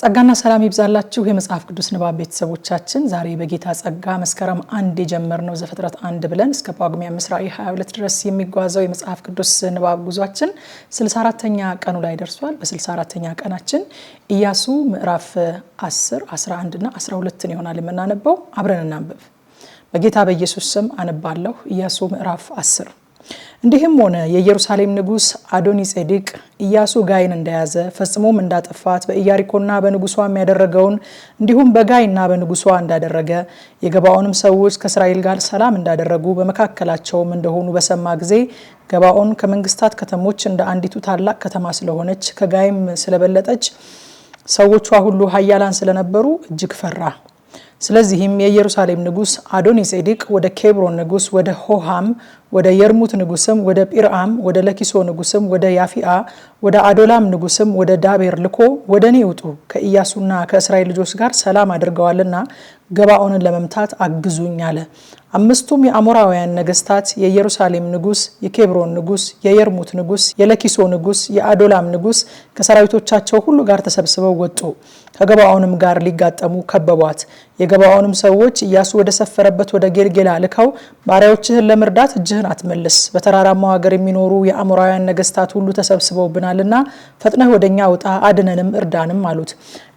ጸጋና ሰላም ይብዛላችሁ የመጽሐፍ ቅዱስ ንባብ ቤተሰቦቻችን፣ ዛሬ በጌታ ጸጋ መስከረም አንድ የጀመርነው ዘፍጥረት አንድ ብለን እስከ ጳጉሜ አምስት ራዕይ 22 ድረስ የሚጓዘው የመጽሐፍ ቅዱስ ንባብ ጉዟችን 64ተኛ ቀኑ ላይ ደርሷል። በ64ተኛ ቀናችን ኢያሱ ምዕራፍ 10፣ 11 ና 12 ይሆናል የምናነበው። አብረን እናንብብ። በጌታ በኢየሱስ ስም አነባለሁ። ኢያሱ ምዕራፍ 10 እንዲህም ሆነ የኢየሩሳሌም ንጉስ አዶኒ ጼዴቅ ኢያሱ ጋይን እንደያዘ ፈጽሞም እንዳጠፋት በኢያሪኮና በንጉሷ ያደረገውን እንዲሁም በጋይና በንጉሷ እንዳደረገ የገባኦንም ሰዎች ከእስራኤል ጋር ሰላም እንዳደረጉ በመካከላቸውም እንደሆኑ በሰማ ጊዜ ገባኦን ከመንግስታት ከተሞች እንደ አንዲቱ ታላቅ ከተማ ስለሆነች ከጋይም ስለበለጠች ሰዎቿ ሁሉ ሀያላን ስለነበሩ እጅግ ፈራ። ስለዚህም የኢየሩሳሌም ንጉስ አዶኒ ጼዴቅ ወደ ኬብሮን ንጉስ ወደ ሆሃም ወደ የርሙት ንጉስም ወደ ጲርአም ወደ ለኪሶ ንጉስም ወደ ያፊአ ወደ አዶላም ንጉስም ወደ ዳቤር ልኮ ወደ እኔ ውጡ ከኢያሱና ከእስራኤል ልጆች ጋር ሰላም አድርገዋልና ገባኦንን ለመምታት አግዙኝ አለ። አምስቱም የአሞራውያን ነገስታት የኢየሩሳሌም ንጉስ፣ የኬብሮን ንጉስ፣ የየርሙት ንጉስ፣ የለኪሶ ንጉስ፣ የአዶላም ንጉስ ከሰራዊቶቻቸው ሁሉ ጋር ተሰብስበው ወጡ። ከገባኦንም ጋር ሊጋጠሙ ከበቧት። የገባኦንም ሰዎች ኢያሱ ወደ ሰፈረበት ወደ ጌልጌላ ልከው ባሪያዎችህን ለመርዳት እጅ ፊትህን አትመልስ፣ በተራራማው ሀገር የሚኖሩ የአሞራውያን ነገስታት ሁሉ ተሰብስበውብናልና ፈጥነህ ወደ እኛ ውጣ፣ አድነንም እርዳንም አሉት።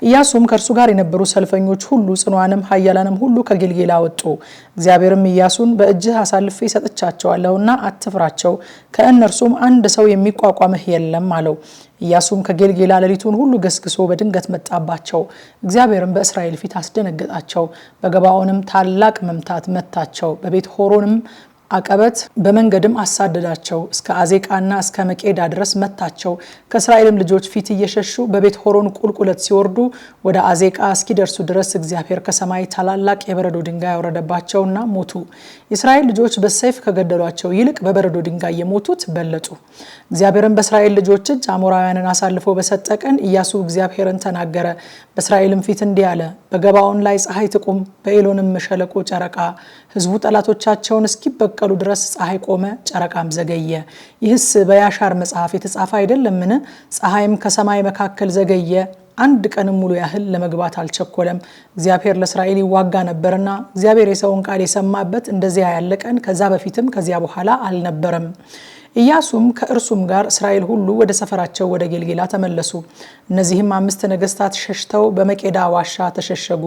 ኢያሱም ከእርሱ ጋር የነበሩ ሰልፈኞች ሁሉ ጽኗንም ሀያላንም ሁሉ ከጌልጌላ ወጡ። እግዚአብሔርም ኢያሱን በእጅህ አሳልፌ ሰጥቻቸዋለሁና አትፍራቸው፣ ከእነርሱም አንድ ሰው የሚቋቋምህ የለም አለው። ኢያሱም ከጌልጌላ ሌሊቱን ሁሉ ገስግሶ በድንገት መጣባቸው። እግዚአብሔርም በእስራኤል ፊት አስደነገጣቸው። በገባኦንም ታላቅ መምታት መታቸው። በቤት ሆሮንም አቀበት በመንገድም አሳደዳቸው እስከ አዜቃና እስከ መቄዳ ድረስ መታቸው። ከእስራኤልም ልጆች ፊት እየሸሹ በቤት ሆሮን ቁልቁለት ሲወርዱ ወደ አዜቃ እስኪደርሱ ድረስ እግዚአብሔር ከሰማይ ታላላቅ የበረዶ ድንጋይ ያወረደባቸውና ሞቱ። የእስራኤል ልጆች በሰይፍ ከገደሏቸው ይልቅ በበረዶ ድንጋይ የሞቱት በለጡ። እግዚአብሔርም በእስራኤል ልጆች እጅ አሞራውያንን አሳልፎ በሰጠ ቀን ኢያሱ እግዚአብሔርን ተናገረ። በእስራኤልም ፊት እንዲህ አለ፣ በገባዖን ላይ ፀሐይ ትቁም፣ በኤሎንም ሸለቆ ጨረቃ። ህዝቡ ጠላቶቻቸውን እስኪበ እስኪሰቀሉ ድረስ ፀሐይ ቆመ፣ ጨረቃም ዘገየ። ይህስ በያሻር መጽሐፍ የተጻፈ አይደለምን? ፀሐይም ከሰማይ መካከል ዘገየ አንድ ቀንም ሙሉ ያህል ለመግባት አልቸኮለም። እግዚአብሔር ለእስራኤል ይዋጋ ነበርና እግዚአብሔር የሰውን ቃል የሰማበት እንደዚያ ያለ ቀን ከዛ በፊትም ከዚያ በኋላ አልነበረም። ኢያሱም ከእርሱም ጋር እስራኤል ሁሉ ወደ ሰፈራቸው ወደ ጌልጌላ ተመለሱ። እነዚህም አምስት ነገስታት ሸሽተው በመቄዳ ዋሻ ተሸሸጉ።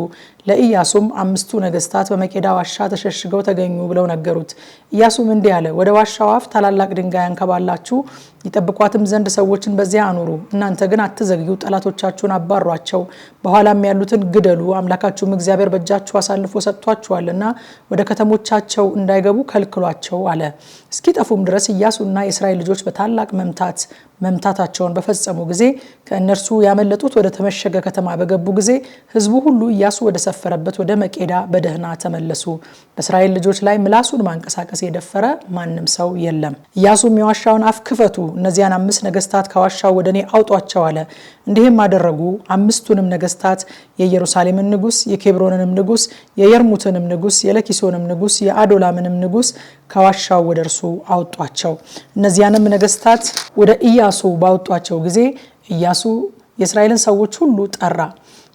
ለኢያሱም አምስቱ ነገስታት በመቄዳ ዋሻ ተሸሽገው ተገኙ ብለው ነገሩት። ኢያሱም እንዲህ አለ፣ ወደ ዋሻው አፍ ታላላቅ ድንጋይ አንከባላችሁ ይጠብቋትም ዘንድ ሰዎችን በዚያ አኑሩ። እናንተ ግን አትዘግዩ፣ ጠላቶቻችሁን አባሯቸው፣ በኋላም ያሉትን ግደሉ። አምላካችሁም እግዚአብሔር በእጃችሁ አሳልፎ ሰጥቷችኋልና ወደ ከተሞቻቸው እንዳይገቡ ከልክሏቸው አለ። እስኪጠፉም ድረስ ኢያሱና የእርሱና የእስራኤል ልጆች በታላቅ መምታት መምታታቸውን በፈጸሙ ጊዜ ከእነርሱ ያመለጡት ወደ ተመሸገ ከተማ በገቡ ጊዜ ሕዝቡ ሁሉ ኢያሱ ወደ ሰፈረበት ወደ መቄዳ በደህና ተመለሱ። በእስራኤል ልጆች ላይ ምላሱን ማንቀሳቀስ የደፈረ ማንም ሰው የለም። ኢያሱም የዋሻውን አፍ ክፈቱ፣ እነዚያን አምስት ነገስታት ከዋሻው ወደ እኔ አውጧቸው አለ። እንዲህም አደረጉ። አምስቱንም ነገስታት የኢየሩሳሌምን ንጉስ፣ የኬብሮንንም ንጉስ፣ የየርሙትንም ንጉስ፣ የለኪሶንም ንጉስ፣ የአዶላምንም ንጉስ ከዋሻው ወደ እርሱ አውጧቸው። እነዚያንም ነገስታት ወደ ኢያ ኢያሱ ባወጧቸው ጊዜ እያሱ የእስራኤልን ሰዎች ሁሉ ጠራ።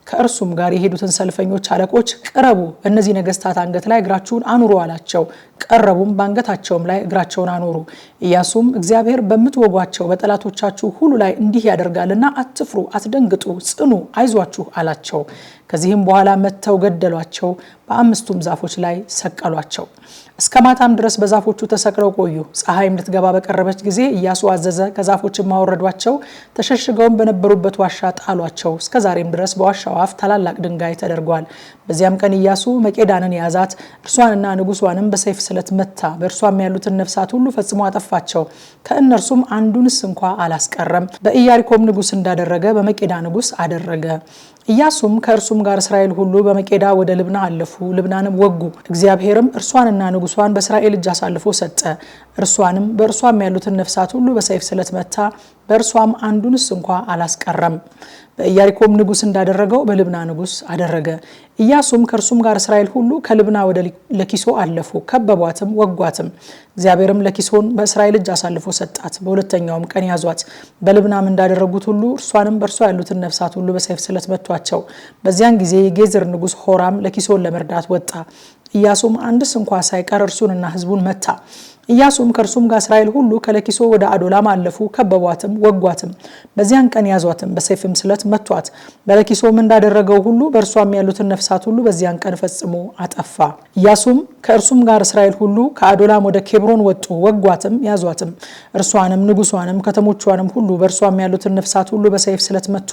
ከእርሱም ጋር የሄዱትን ሰልፈኞች አለቆች ቅረቡ፣ እነዚህ ነገስታት አንገት ላይ እግራችሁን አኑሩ አላቸው። ቀረቡም፣ በአንገታቸውም ላይ እግራቸውን አኖሩ። ኢያሱም እግዚአብሔር በምትወጓቸው በጠላቶቻችሁ ሁሉ ላይ እንዲህ ያደርጋልና አትፍሩ፣ አትደንግጡ፣ ጽኑ፣ አይዟችሁ አላቸው። ከዚህም በኋላ መጥተው ገደሏቸው፣ በአምስቱም ዛፎች ላይ ሰቀሏቸው። እስከ ማታም ድረስ በዛፎቹ ተሰቅለው ቆዩ። ፀሐይም ልትገባ በቀረበች ጊዜ እያሱ አዘዘ፣ ከዛፎችም አወረዷቸው፣ ተሸሽገውም በነበሩበት ዋሻ ጣሏቸው። እስከ ዛሬም ድረስ በዋሻው አፍ ታላላቅ ድንጋይ ተደርጓል። በዚያም ቀን እያሱ መቄዳንን ያዛት፣ እርሷንና ንጉሷንም በሰይፍ ስለት መታ። በእርሷም ያሉትን ነፍሳት ሁሉ ፈጽሞ አጠፋቸው፣ ከእነርሱም አንዱንስ እንኳ አላስቀረም። በኢያሪኮም ንጉስ እንዳደረገ በመቄዳ ንጉስ አደረገ። ኢያሱም ከእርሱም ጋር እስራኤል ሁሉ በመቄዳ ወደ ልብና አለፉ፣ ልብናንም ወጉ። እግዚአብሔርም እርሷንና ንጉሷን በእስራኤል እጅ አሳልፎ ሰጠ። እርሷንም በእርሷም ያሉትን ነፍሳት ሁሉ በሰይፍ ስለት መታ፣ በእርሷም አንዱንስ እንኳ አላስቀረም። በኢያሪኮም ንጉስ እንዳደረገው በልብና ንጉስ አደረገ። ኢያሱም ከእርሱም ጋር እስራኤል ሁሉ ከልብና ወደ ለኪሶ አለፉ፣ ከበቧትም፣ ወጓትም። እግዚአብሔርም ለኪሶን በእስራኤል እጅ አሳልፎ ሰጣት። በሁለተኛውም ቀን ያዟት፣ በልብናም እንዳደረጉት ሁሉ እርሷንም በእርሷ ያሉትን ነፍሳት ሁሉ በሰይፍ ስለት መቷቸው። በዚያን ጊዜ የጌዝር ንጉስ ሆራም ለኪሶን ለመርዳት ወጣ። ኢያሱም አንድስ እንኳ ሳይቀር እርሱንና ህዝቡን መታ። ኢያሱም ከእርሱም ጋር እስራኤል ሁሉ ከለኪሶ ወደ አዶላም አለፉ፣ ከበቧትም፣ ወጓትም። በዚያን ቀን ያዟትም፣ በሰይፍም ስለት መቷት። በለኪሶም እንዳደረገው ሁሉ በእርሷም ያሉትን ነፍሳት ሁሉ በዚያን ቀን ፈጽሞ አጠፋ። ኢያሱም ከእርሱም ጋር እስራኤል ሁሉ ከአዶላም ወደ ኬብሮን ወጡ፣ ወጓትም፣ ያዟትም። እርሷንም፣ ንጉሷንም፣ ከተሞቿንም ሁሉ በእርሷም ያሉትን ነፍሳት ሁሉ በሰይፍ ስለት መቱ።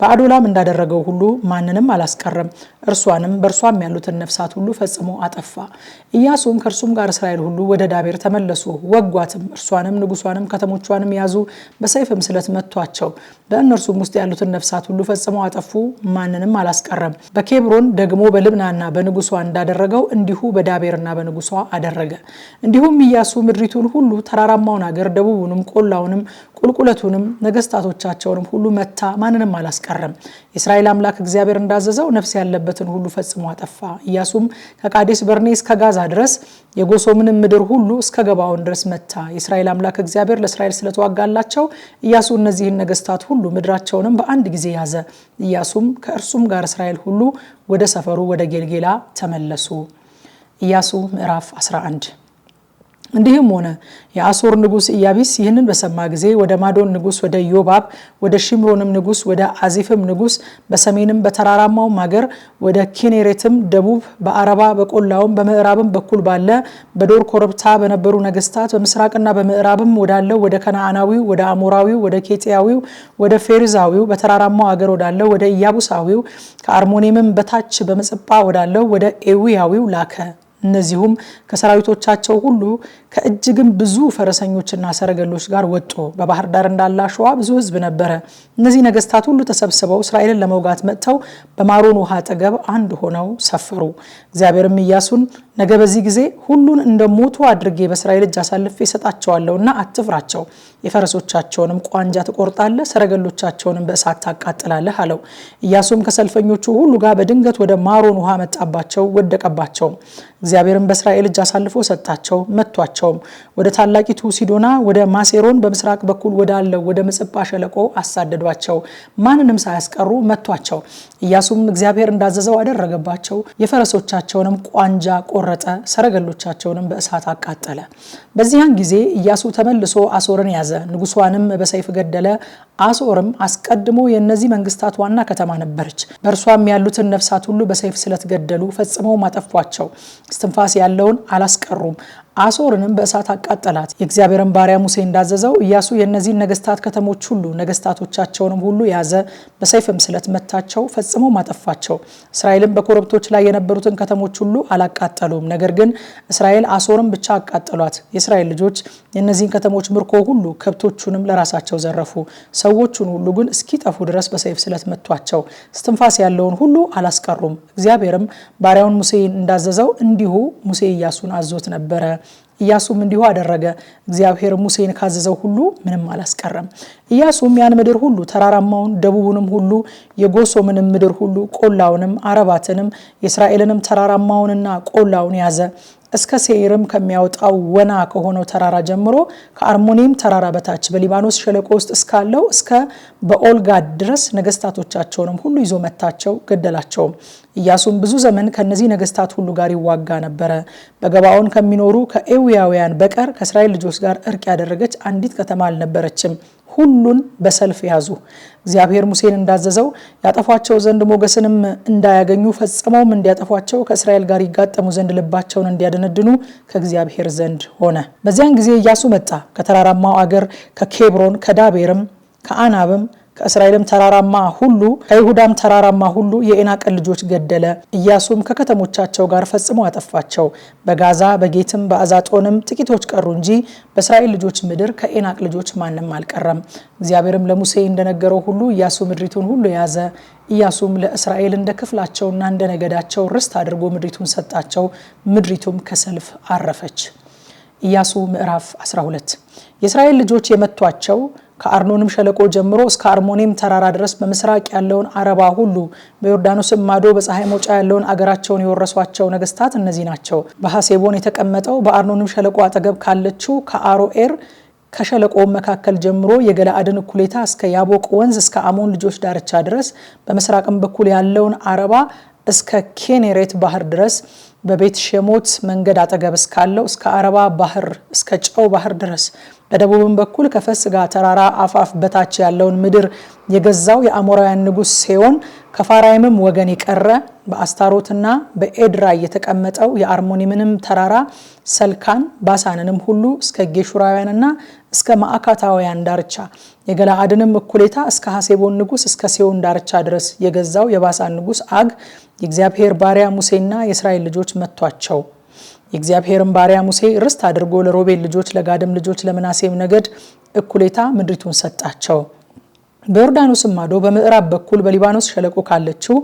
በአዶላም እንዳደረገው ሁሉ ማንንም አላስቀረም። እርሷንም በእርሷም ያሉትን ነፍሳት ሁሉ ፈጽሞ አጠፋ። ኢያሱም ከእርሱም ጋር እስራኤል ሁሉ ወደ ዳቤር ተመ ተመለሱ፣ ወጓትም። እርሷንም ንጉሷንም ከተሞቿንም ያዙ፣ በሰይፍም ስለት መቷቸው። በእነርሱም ውስጥ ያሉትን ነፍሳት ሁሉ ፈጽመው አጠፉ፣ ማንንም አላስቀረም። በኬብሮን ደግሞ በልብናና በንጉሷ እንዳደረገው እንዲሁ በዳቤርና በንጉሷ አደረገ። እንዲሁም እያሱ ምድሪቱን ሁሉ ተራራማውን አገር ደቡቡንም፣ ቆላውንም፣ ቁልቁለቱንም ነገስታቶቻቸውንም ሁሉ መታ፣ ማንንም አላስቀረም። የእስራኤል አምላክ እግዚአብሔር እንዳዘዘው ነፍስ ያለበትን ሁሉ ፈጽሞ አጠፋ። እያሱም ከቃዴስ በርኔ እስከ ጋዛ ድረስ የጎሶምንም ምድር ሁሉ እስከ ገባዖን ድረስ መታ። የእስራኤል አምላክ እግዚአብሔር ለእስራኤል ስለተዋጋላቸው ኢያሱ እነዚህን ነገስታት ሁሉ ምድራቸውንም በአንድ ጊዜ ያዘ። ኢያሱም ከእርሱም ጋር እስራኤል ሁሉ ወደ ሰፈሩ ወደ ጌልጌላ ተመለሱ። ኢያሱ ምዕራፍ 11 እንዲህም ሆነ የአሶር ንጉስ ኢያቢስ ይህንን በሰማ ጊዜ ወደ ማዶን ንጉስ ወደ ዮባብ ወደ ሺምሮንም ንጉስ ወደ አዚፍም ንጉስ በሰሜንም በተራራማውም ሀገር ወደ ኪኔሬትም ደቡብ በአረባ በቆላውም በምዕራብም በኩል ባለ በዶር ኮረብታ በነበሩ ነገስታት በምስራቅና በምዕራብም ወዳለው ወደ ከነአናዊው ወደ አሞራዊው ወደ ኬጥያዊው ወደ ፌሪዛዊው በተራራማው ሀገር ወዳለው ወደ ኢያቡሳዊው ከአርሞኔምም በታች በምጽጳ ወዳለው ወደ ኤዊያዊው ላከ። እነዚሁም ከሰራዊቶቻቸው ሁሉ ከእጅግም ብዙ ፈረሰኞችና ሰረገሎች ጋር ወጡ። በባህር ዳር እንዳለ አሸዋ ብዙ ሕዝብ ነበረ። እነዚህ ነገስታት ሁሉ ተሰብስበው እስራኤልን ለመውጋት መጥተው በማሮን ውሃ አጠገብ አንድ ሆነው ሰፈሩ። እግዚአብሔርም ኢያሱን ነገ በዚህ ጊዜ ሁሉን ሞቱ አድርጌ በእስራኤል እጅ አሳልፌ እሰጣቸዋለሁና አትፍራቸው። የፈረሶቻቸውንም ቋንጃ ትቆርጣለህ፣ ሰረገሎቻቸውንም በእሳት ታቃጥላለህ አለው። ኢያሱም ከሰልፈኞቹ ሁሉ ጋር በድንገት ወደ ማሮን ውሃ መጣባቸው፣ ወደቀባቸውም። እግዚአብሔርም በእስራኤል እጅ አሳልፎ ሰጣቸው፣ መቷቸውም። ወደ ታላቂቱ ሲዶና ወደ ማሴሮን በምስራቅ በኩል ወዳለው ወደ ምጽጳ ሸለቆ አሳደዷቸው፣ ማንንም ሳያስቀሩ መቷቸው። ኢያሱም እግዚአብሔር እንዳዘዘው አደረገባቸው፣ የፈረሶቻቸውንም ቋንጃ ቆር ቆረጠ፣ ሰረገሎቻቸውንም በእሳት አቃጠለ። በዚያን ጊዜ ኢያሱ ተመልሶ አሶርን ያዘ፣ ንጉሷንም በሰይፍ ገደለ። አሶርም አስቀድሞ የእነዚህ መንግስታት ዋና ከተማ ነበረች። በእርሷም ያሉትን ነፍሳት ሁሉ በሰይፍ ስለትገደሉ ፈጽመው አጠፏቸው፣ እስትንፋስ ያለውን አላስቀሩም። አሶርንም በእሳት አቃጠላት። የእግዚአብሔርን ባሪያ ሙሴ እንዳዘዘው ኢያሱ የእነዚህን ነገስታት ከተሞች ሁሉ ነገስታቶቻቸውንም ሁሉ ያዘ፣ በሰይፍም ስለት መታቸው፣ ፈጽሞ ማጠፋቸው። እስራኤልም በኮረብቶች ላይ የነበሩትን ከተሞች ሁሉ አላቃጠሉም። ነገር ግን እስራኤል አሶርን ብቻ አቃጠሏት። የእስራኤል ልጆች የእነዚህን ከተሞች ምርኮ ሁሉ ከብቶቹንም ለራሳቸው ዘረፉ። ሰዎቹን ሁሉ ግን እስኪጠፉ ድረስ በሰይፍ ስለት መቷቸው። እስትንፋስ ያለውን ሁሉ አላስቀሩም። እግዚአብሔርም ባሪያውን ሙሴ እንዳዘዘው እንዲሁ ሙሴ ኢያሱን አዞት ነበረ። ኢያሱም እንዲሁ አደረገ። እግዚአብሔር ሙሴን ካዘዘው ሁሉ ምንም አላስቀረም። ኢያሱም ያን ምድር ሁሉ ተራራማውን፣ ደቡቡንም ሁሉ የጎሶምንም ምድር ሁሉ፣ ቆላውንም፣ አረባትንም፣ የእስራኤልንም ተራራማውንና ቆላውን ያዘ። እስከ ሴይርም ከሚያወጣው ወና ከሆነው ተራራ ጀምሮ ከአርሞኒም ተራራ በታች በሊባኖስ ሸለቆ ውስጥ እስካለው እስከ በኦልጋድ ድረስ ነገስታቶቻቸውንም ሁሉ ይዞ መታቸው፣ ገደላቸውም። ኢያሱም ብዙ ዘመን ከነዚህ ነገስታት ሁሉ ጋር ይዋጋ ነበረ። በገባኦን ከሚኖሩ ከኤውያውያን በቀር ከእስራኤል ልጆች ጋር እርቅ ያደረገች አንዲት ከተማ አልነበረችም። ሁሉን በሰልፍ ያዙ። እግዚአብሔር ሙሴን እንዳዘዘው ያጠፏቸው ዘንድ ሞገስንም እንዳያገኙ ፈጽመውም እንዲያጠፏቸው ከእስራኤል ጋር ይጋጠሙ ዘንድ ልባቸውን እንዲያደነድኑ ከእግዚአብሔር ዘንድ ሆነ። በዚያን ጊዜ እያሱ መጣ ከተራራማው አገር ከኬብሮን ከዳቤርም ከአናብም ከእስራኤልም ተራራማ ሁሉ ከይሁዳም ተራራማ ሁሉ የዔናቅን ልጆች ገደለ። ኢያሱም ከከተሞቻቸው ጋር ፈጽሞ አጠፋቸው። በጋዛ በጌትም በአዛጦንም ጥቂቶች ቀሩ እንጂ በእስራኤል ልጆች ምድር ከኢናቅ ልጆች ማንም አልቀረም። እግዚአብሔርም ለሙሴ እንደነገረው ሁሉ ኢያሱ ምድሪቱን ሁሉ ያዘ። ኢያሱም ለእስራኤል እንደ ክፍላቸውና እንደ ነገዳቸው ርስት አድርጎ ምድሪቱን ሰጣቸው። ምድሪቱም ከሰልፍ አረፈች። ኢያሱ ምዕራፍ 12 የእስራኤል ልጆች የመቷቸው ከአርኖንም ሸለቆ ጀምሮ እስከ አርሞኒም ተራራ ድረስ በምስራቅ ያለውን አረባ ሁሉ በዮርዳኖስም ማዶ በፀሐይ መውጫ ያለውን አገራቸውን የወረሷቸው ነገስታት እነዚህ ናቸው። በሐሴቦን የተቀመጠው በአርኖንም ሸለቆ አጠገብ ካለችው ከአሮኤር ከሸለቆ መካከል ጀምሮ የገላአድን እኩሌታ እስከ ያቦቅ ወንዝ እስከ አሞን ልጆች ዳርቻ ድረስ በምስራቅም በኩል ያለውን አረባ እስከ ኬኔሬት ባህር ድረስ በቤት ሸሞት መንገድ አጠገብ እስካለው እስከ አረባ ባህር እስከ ጨው ባህር ድረስ በደቡብም በኩል ከፈስጋ ተራራ አፋፍ በታች ያለውን ምድር የገዛው የአሞራውያን ንጉሥ ሴዮን ከፋራይምም ወገን የቀረ በአስታሮትና በኤድራይ የተቀመጠው የአርሞኒምንም ተራራ ሰልካን ባሳንንም ሁሉ እስከ ጌሹራውያንና እስከ ማዕካታውያን ዳርቻ የገላአድንም እኩሌታ እስከ ሐሴቦን ንጉሥ እስከ ሴዮን ዳርቻ ድረስ የገዛው የባሳን ንጉሥ አግ የእግዚአብሔር ባሪያ ሙሴና የእስራኤል ልጆች መቷቸው። የእግዚአብሔርን ባሪያ ሙሴ ርስት አድርጎ ለሮቤል ልጆች፣ ለጋደም ልጆች፣ ለምናሴም ነገድ እኩሌታ ምድሪቱን ሰጣቸው። በዮርዳኖስም ማዶ በምዕራብ በኩል በሊባኖስ ሸለቆ ካለችው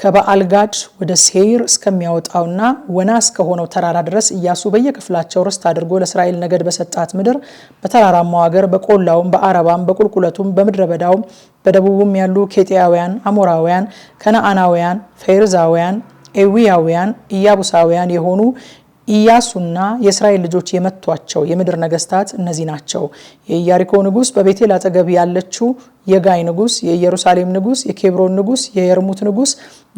ከበአልጋድ ወደ ሴይር እስከሚያወጣውና ወና እስከሆነው ተራራ ድረስ እያሱ በየክፍላቸው ርስት አድርጎ ለእስራኤል ነገድ በሰጣት ምድር በተራራማው ሀገር በቆላውም በአረባም በቁልቁለቱም በምድረ በዳውም በደቡቡም ያሉ ኬጢያውያን፣ አሞራውያን፣ ከነአናውያን፣ ፌርዛውያን፣ ኤዊያውያን፣ ኢያቡሳውያን የሆኑ ኢያሱና የእስራኤል ልጆች የመቷቸው የምድር ነገስታት እነዚህ ናቸው። የኢያሪኮ ንጉስ፣ በቤቴል አጠገብ ያለችው የጋይ ንጉስ፣ የኢየሩሳሌም ንጉስ፣ የኬብሮን ንጉስ፣ የየርሙት ንጉስ፣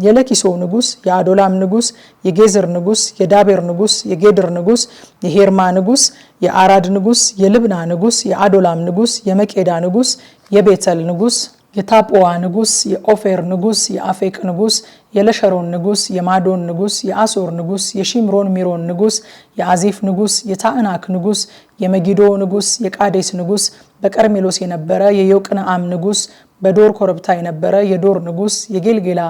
የለኪሶ ንጉስ፣ የአዶላም ንጉስ፣ የጌዝር ንጉስ፣ የዳቤር ንጉስ፣ የጌድር ንጉስ፣ የሄርማ ንጉስ፣ የአራድ ንጉስ፣ የልብና ንጉስ፣ የአዶላም ንጉስ፣ የመቄዳ ንጉስ፣ የቤተል ንጉስ የታጳዋ ንጉስ፣ የኦፌር ንጉስ፣ የአፌቅ ንጉስ፣ የለሸሮን ንጉስ፣ የማዶን ንጉስ፣ የአሶር ንጉስ፣ የሺምሮን ሚሮን ንጉስ፣ የአዚፍ ንጉስ፣ የታዕናክ ንጉስ፣ የመጊዶ ንጉስ፣ የቃዴስ ንጉስ፣ በቀርሜሎስ የነበረ የዮቅንአም ንጉስ፣ በዶር ኮረብታ የነበረ የዶር ንጉስ፣ የጌልጌላ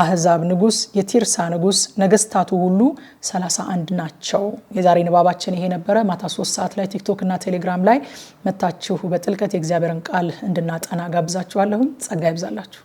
አህዛብ ንጉስ፣ የቲርሳ ንጉስ፣ ነገስታቱ ሁሉ 31 ናቸው። የዛሬ ንባባችን ይሄ ነበረ። ማታ 3 ሰዓት ላይ ቲክቶክ እና ቴሌግራም ላይ መታችሁ በጥልቀት የእግዚአብሔርን ቃል እንድናጠና ጋብዛችኋለሁኝ። ጸጋ ይብዛላችሁ።